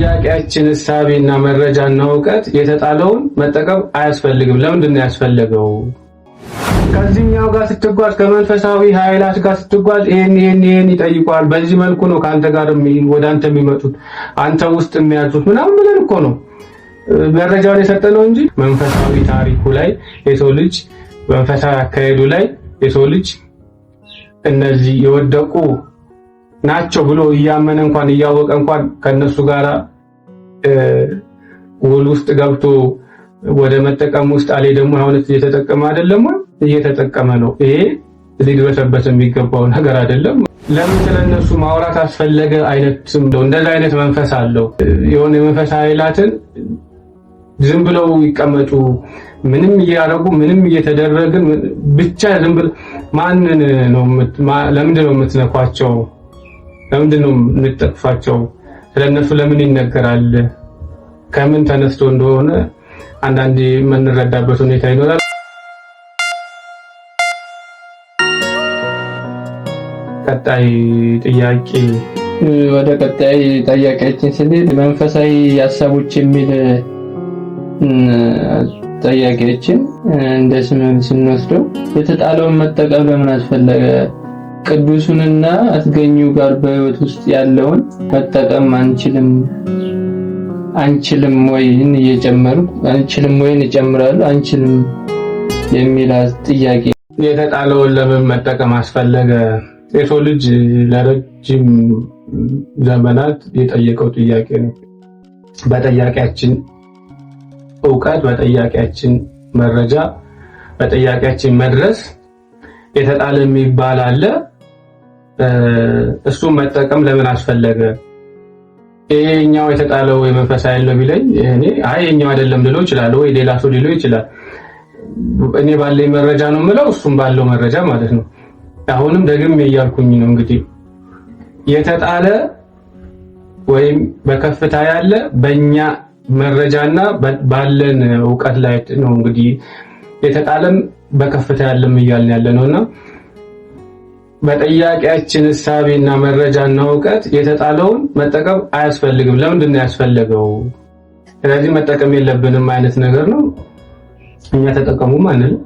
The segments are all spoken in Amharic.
ለጥያቄያችን እሳቤና እና እውቀት የተጣለውን መጠቀም አያስፈልግም። ለምንድን ነው ያስፈለገው? ከዚህኛው ጋር ስትጓዝ ከመንፈሳዊ ኃይላት ጋር ስትጓዝ ይህን ይህን ይህን ይጠይቋል። በዚህ መልኩ ነው ከአንተ ጋር ወደ አንተ የሚመጡት አንተ ውስጥ የሚያዙት ምናምን ብለን እኮ ነው መረጃውን የሰጠ ነው እንጂ መንፈሳዊ ታሪኩ ላይ የሰው ልጅ መንፈሳዊ አካሄዱ ላይ የሰው ልጅ እነዚህ የወደቁ ናቸው ብሎ እያመነ እንኳን እያወቀ እንኳን ከነሱ ጋር ውል ውስጥ ገብቶ ወደ መጠቀም ውስጥ አሌ ደግሞ አሁን እየተጠቀመ አይደለም እየተጠቀመ ነው። ይሄ ሊድበሰበት የሚገባው ነገር አይደለም። ለምን ስለነሱ ማውራት አስፈለገ? አይነትም ነው እንደዚህ አይነት መንፈስ አለው። የሆነ የመንፈስ ኃይላትን ዝም ብለው ይቀመጡ፣ ምንም እያደረጉ ምንም እየተደረግን ብቻ ዝም ብለው ማንን ነው ለምንድን ነው የምትነኳቸው? ለምንድን ነው የምንጠቅፋቸው? ስለነሱ ለምን ይነገራል? ከምን ተነስቶ እንደሆነ አንዳንድ የምንረዳበት ሁኔታ ይኖራል። ቀጣይ ጥያቄ ወደ ቀጣይ ጥያቄያችን ስንሄድ መንፈሳዊ ሀሳቦች የሚል ጥያቄያችን እንደ ስም ስንወስደው የተጣለውን መጠቀም ለምን አስፈለገ? ቅዱሱንና አትገኙ ጋር በህይወት ውስጥ ያለውን መጠቀም አንችልም አንችልም ወይን እየጨመሩ አንችልም ወይን እጨምራሉ አንችልም የሚል ጥያቄ። የተጣለውን ለምን መጠቀም አስፈለገ? የሰው ልጅ ለረጅም ዘመናት የጠየቀው ጥያቄ ነው። በጠያቂያችን እውቀት፣ በጥያቄያችን መረጃ፣ በጥያቄያችን መድረስ የተጣለ የሚባል አለ። እሱን መጠቀም ለምን አስፈለገ? ይሄኛው የተጣለው የመንፈስ ኃይል ነው ቢለኝ እኔ አይ ይሄኛው አይደለም ልሎ ይችላል፣ ወይ ሌላ ሰው ሊሎ ይችላል። እኔ ባለኝ መረጃ ነው የምለው፣ እሱም ባለው መረጃ ማለት ነው። አሁንም ደግሜ እያልኩኝ ነው እንግዲህ የተጣለ ወይም በከፍታ ያለ በእኛ መረጃና ባለን እውቀት ላይ ነው እንግዲህ የተጣለም በከፍታ ያለም እያልን ያለ ነውና በጠያቂያችን እሳቤና መረጃና እውቀት የተጣለውን መጠቀም አያስፈልግም። ለምንድን ነው ያስፈለገው? ስለዚህ መጠቀም የለብንም አይነት ነገር ነው። እኛ ተጠቀሙም አንልም፣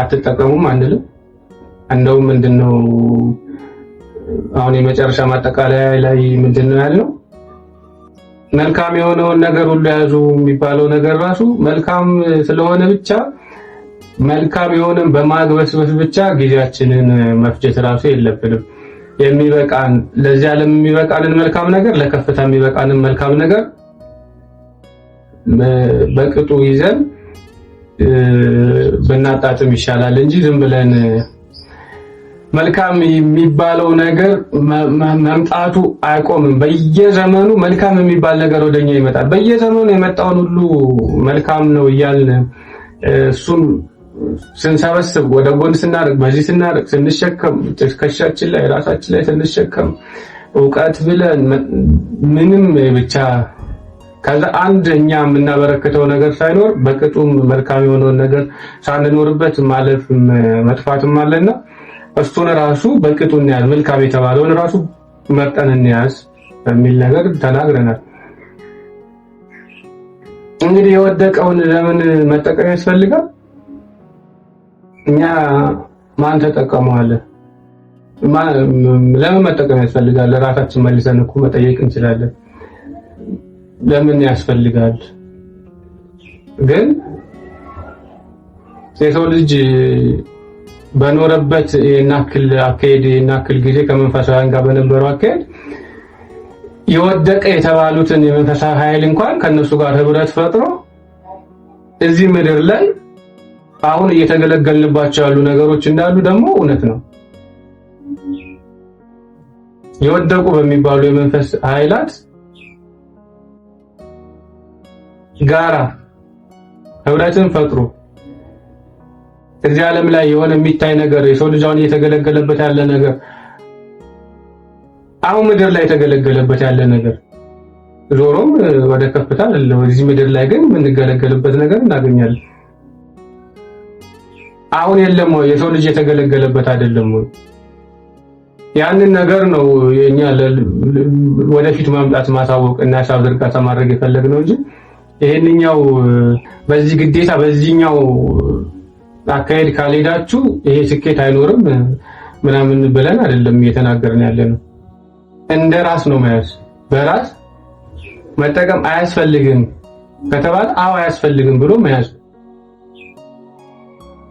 አትጠቀሙም አንልም። እንደውም ምንድን ነው አሁን የመጨረሻ ማጠቃለያ ላይ ምንድን ነው መልካም የሆነውን ነገር ሁሉ ያዙ የሚባለው ነገር ራሱ መልካም ስለሆነ ብቻ መልካም የሆነን በማግበስበስ ብቻ ጊዜያችንን መፍጀት ራሱ የለብንም። የሚበቃን ለዚህ ዓለም የሚበቃንን መልካም ነገር፣ ለከፍታ የሚበቃንን መልካም ነገር በቅጡ ይዘን ብናጣጥም ይሻላል እንጂ ዝም ብለን መልካም የሚባለው ነገር መምጣቱ አይቆምም። በየዘመኑ መልካም የሚባል ነገር ወደኛ ይመጣል። በየዘመኑ የመጣውን ሁሉ መልካም ነው እያልን እሱም ስንሰበስብ ወደ ጎን ስናደርግ በዚህ ስናደርግ ስንሸከም ትከሻችን ላይ ራሳችን ላይ ስንሸከም እውቀት ብለን ምንም ብቻ ከዛ አንድ እኛ የምናበረክተው ነገር ሳይኖር በቅጡም መልካም የሆነውን ነገር ሳንኖርበት ማለፍ መጥፋትም አለና እሱን ራሱ በቅጡ እንያዝ፣ መልካም የተባለውን ራሱ መርጠን እንያዝ በሚል ነገር ተናግረናል። እንግዲህ የወደቀውን ለምን መጠቀም ያስፈልጋል? እኛ ማን ተጠቀመዋለን? ለምን መጠቀም ያስፈልጋል? ራሳችን መልሰን እኮ መጠየቅ እንችላለን። ለምን ያስፈልጋል? ግን የሰው ልጅ በኖረበት ናክል አካሄድ ናክል ጊዜ ከመንፈሳውያን ጋር በነበረው አካሄድ የወደቀ የተባሉትን የመንፈሳዊ ኃይል እንኳን ከነሱ ጋር ህብረት ፈጥሮ እዚህ ምድር ላይ አሁን እየተገለገልንባቸው ያሉ ነገሮች እንዳሉ ደግሞ እውነት ነው። የወደቁ በሚባሉ የመንፈስ ኃይላት ጋራ ህብረትን ፈጥሮ እዚህ ዓለም ላይ የሆነ የሚታይ ነገር የሰው ልጅ አሁን እየተገለገለበት ያለ ነገር አሁን ምድር ላይ የተገለገለበት ያለ ነገር ዞሮም ወደ ከፍታ እዚህ ምድር ላይ ግን የምንገለገልበት ነገር እናገኛለን። አሁን የለም ወይ? የሰው ልጅ የተገለገለበት አይደለም ወይ? ያንን ነገር ነው የኛ ወደፊት ማምጣት ማሳወቅ እና ሀሳብ ዝርጋታ ማድረግ የፈለግነው እንጂ ይሄንኛው በዚህ ግዴታ በዚህኛው አካሄድ ካልሄዳችሁ ይሄ ስኬት አይኖርም ምናምን ብለን አይደለም እየተናገርን ያለ ነው። እንደ ራስ ነው መያዝ። በራስ መጠቀም አያስፈልግም ከተባለ አዎ አያስፈልግም ብሎ መያዝ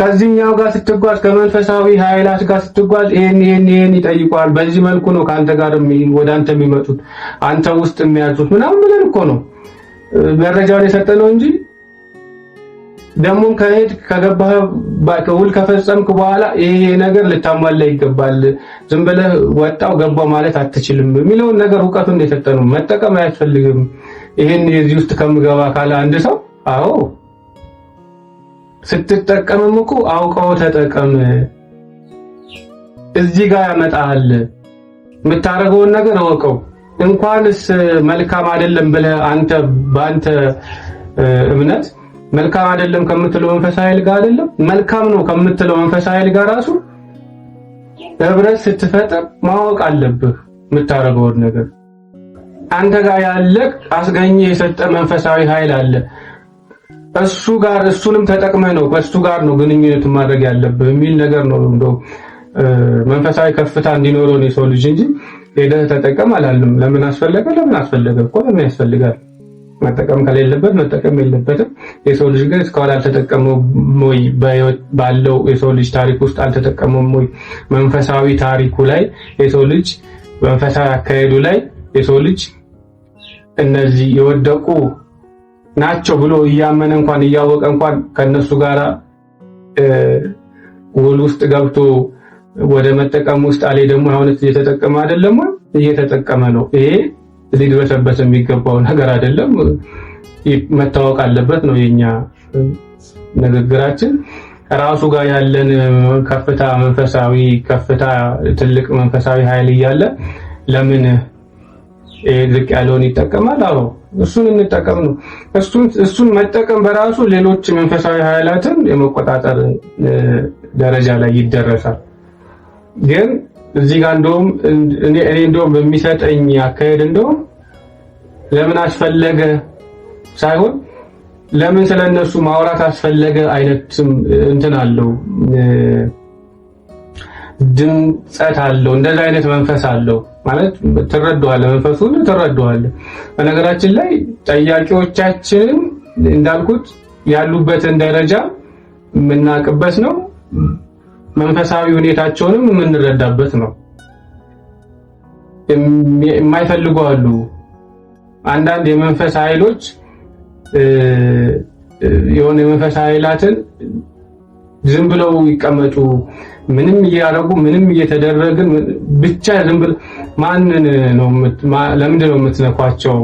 ከዚህኛው ጋር ስትጓዝ ከመንፈሳዊ ኃይላት ጋር ስትጓዝ ይሄን ይሄን ይሄን ይጠይቋል። በዚህ መልኩ ነው ከአንተ ጋር ወደ አንተ የሚመጡት አንተ ውስጥ የሚያዙት ምናምን ብለን እኮ ነው መረጃውን የሰጠ ነው እንጂ ደግሞ ከሄድ ከገባህ ውል ከፈጸምክ በኋላ ይሄ ነገር ልታሟላ ይገባል፣ ዝም ብለህ ወጣው ገባ ማለት አትችልም የሚለውን ነገር እውቀቱን የሰጠ ነው። መጠቀም አያስፈልግም። ይሄን የዚህ ውስጥ ከምገባ ካለ አንድ ሰው አዎ ስትጠቀምም እኮ አውቀው ተጠቀም። እዚህ ጋር ያመጣል የምታደርገውን ነገር አውቀው እንኳንስ መልካም አይደለም ብለህ አንተ በአንተ እምነት መልካም አይደለም ከምትለው መንፈሳዊ ኃይል ጋር አይደለም መልካም ነው ከምትለው መንፈሳዊ ኃይል ጋር ራሱ ህብረት ስትፈጥር ማወቅ አለብህ። የምታደርገውን ነገር አንተ ጋር ያለ አስገኘ የሰጠ መንፈሳዊ ኃይል አለ። እሱ ጋር እሱንም ተጠቅመህ ነው ከእሱ ጋር ነው ግንኙነት ማድረግ ያለብህ የሚል ነገር ነው። እንደ መንፈሳዊ ከፍታ እንዲኖረው ነው የሰው ልጅ እንጂ ሄደህ ተጠቀም አላለም። ለምን አስፈለገ? ለምን አስፈለገ እኮ ለምን ያስፈልጋል? መጠቀም ከሌለበት መጠቀም የለበትም። የሰው ልጅ ግን እስካሁን አልተጠቀመውም ወይ? ባለው የሰው ልጅ ታሪክ ውስጥ አልተጠቀመውም ወይ? መንፈሳዊ ታሪኩ ላይ የሰው ልጅ መንፈሳዊ አካሄዱ ላይ የሰው ልጅ እነዚህ የወደቁ ናቸው ብሎ እያመነ እንኳን እያወቀ እንኳን ከነሱ ጋር ውል ውስጥ ገብቶ ወደ መጠቀም ውስጥ አለ ደግሞ አሁን እየተጠቀመ አይደለም ወይ? እየተጠቀመ ነው። ይሄ ሊድበሰበስ የሚገባው ነገር አይደለም፣ መታወቅ አለበት ነው የኛ ንግግራችን። ራሱ ጋር ያለን ከፍታ መንፈሳዊ ከፍታ ትልቅ መንፈሳዊ ኃይል እያለ ለምን ዝቅ ያለውን ይጠቀማል? አዎ እሱን እንጠቀም ነው። እሱን መጠቀም በራሱ ሌሎች መንፈሳዊ ኃይላትን የመቆጣጠር ደረጃ ላይ ይደረሳል። ግን እዚህ ጋር እንደውም እኔ እንደውም በሚሰጠኝ አካሄድ እንደውም ለምን አስፈለገ ሳይሆን ለምን ስለነሱ ማውራት አስፈለገ አይነትም እንትን አለው ድምፀት አለው እንደዛ አይነት መንፈስ አለው። ማለት ትረዳዋለህ፣ መንፈሱ ትረዳዋለህ። በነገራችን ላይ ጠያቂዎቻችን እንዳልኩት ያሉበትን ደረጃ የምናውቅበት ነው። መንፈሳዊ ሁኔታቸውንም የምንረዳበት ነው። የማይፈልጉ አሉ። አንዳንድ የመንፈስ ኃይሎች የሆነ የመንፈስ ኃይላትን ዝም ብለው ይቀመጡ ምንም እያደረጉ ምንም እየተደረግን ብቻ ዝም ብለው ማንን ነው ለምንድን ነው የምትነኳቸው?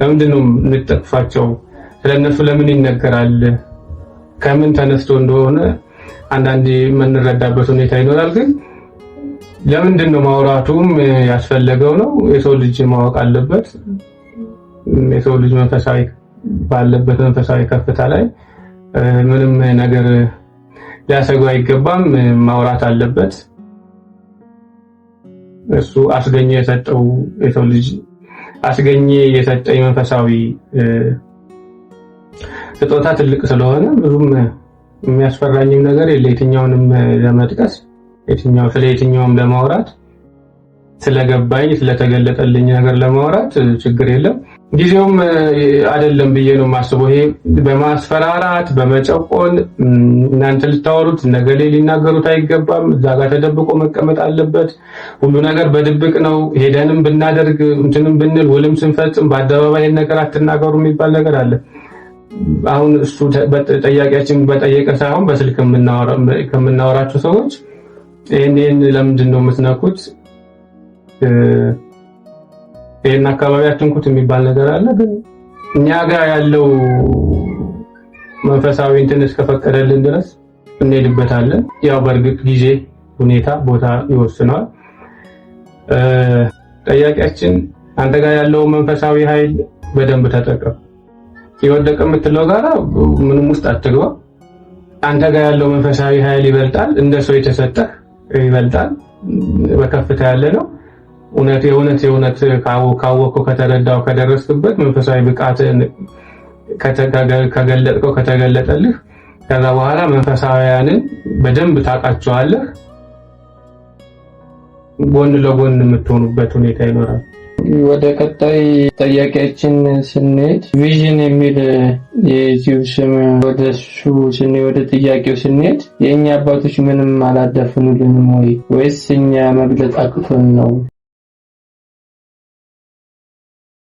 ለምንድን ነው የምትጠቅፋቸው? ስለነሱ ለምን ይነገራል? ከምን ተነስቶ እንደሆነ አንዳንድ የምንረዳበት ሁኔታ ይኖራል። ግን ለምንድን ነው ማውራቱም ያስፈለገው ነው። የሰው ልጅ ማወቅ አለበት። የሰው ልጅ መንፈሳዊ ባለበት መንፈሳዊ ከፍታ ላይ ምንም ነገር ሊያሰጉ አይገባም። ማውራት አለበት። እሱ አስገኘ የሰጠው የሰው ልጅ አስገኘ የሰጠ መንፈሳዊ ስጦታ ትልቅ ስለሆነ ብዙም የሚያስፈራኝም ነገር የለ። የትኛውንም ለመጥቀስ የትኛው ስለ የትኛውም ለማውራት ስለገባኝ ስለተገለጠልኝ ነገር ለማውራት ችግር የለም። ጊዜውም አይደለም ብዬ ነው የማስበው። ይሄ በማስፈራራት በመጨቆን እናንተ ልታወሩት ነገሌ ሊናገሩት አይገባም። እዛ ጋር ተደብቆ መቀመጥ አለበት። ሁሉ ነገር በድብቅ ነው። ሄደንም ብናደርግ እንትንም ብንል ውልም ስንፈጽም በአደባባይ ነገር አትናገሩ የሚባል ነገር አለ። አሁን እሱ ጠያቂያችን በጠየቀ ሳይሆን በስልክ ከምናወራቸው ሰዎች ይህን ይህን ለምንድን ነው የምትነኩት? ይህን አካባቢ አትንኩት የሚባል ነገር አለ። ግን እኛ ጋር ያለው መንፈሳዊ እንትን እስከፈቀደልን ድረስ እንሄድበታለን። ያው በእርግጥ ጊዜ፣ ሁኔታ፣ ቦታ ይወስነዋል። ጠያቂያችን አንተ ጋር ያለው መንፈሳዊ ኃይል በደንብ ተጠቀም። የወደቀ የምትለው ጋራ ምንም ውስጥ አትግባ። አንተ ጋር ያለው መንፈሳዊ ኃይል ይበልጣል። እንደ ሰው የተሰጠህ ይበልጣል። በከፍታ ያለ ነው። እውነት የእውነት የእውነት ካወቅከው ከተረዳው ከደረስክበት መንፈሳዊ ብቃትን ከገለጥከው ከተገለጠልህ ከዛ በኋላ መንፈሳዊያንን በደንብ ታውቃቸዋለህ። ጎን ለጎን የምትሆኑበት ሁኔታ ይኖራል። ወደ ቀጣይ ጠያቂያችን ስንሄድ ቪዥን የሚል የዩቲዩብ ስም ወደሱ ስንሄድ ወደ ጥያቄው ስንሄድ የእኛ አባቶች ምንም አላዳፍኑልንም ወይ ወይስ እኛ መግለጽ አቅቶን ነው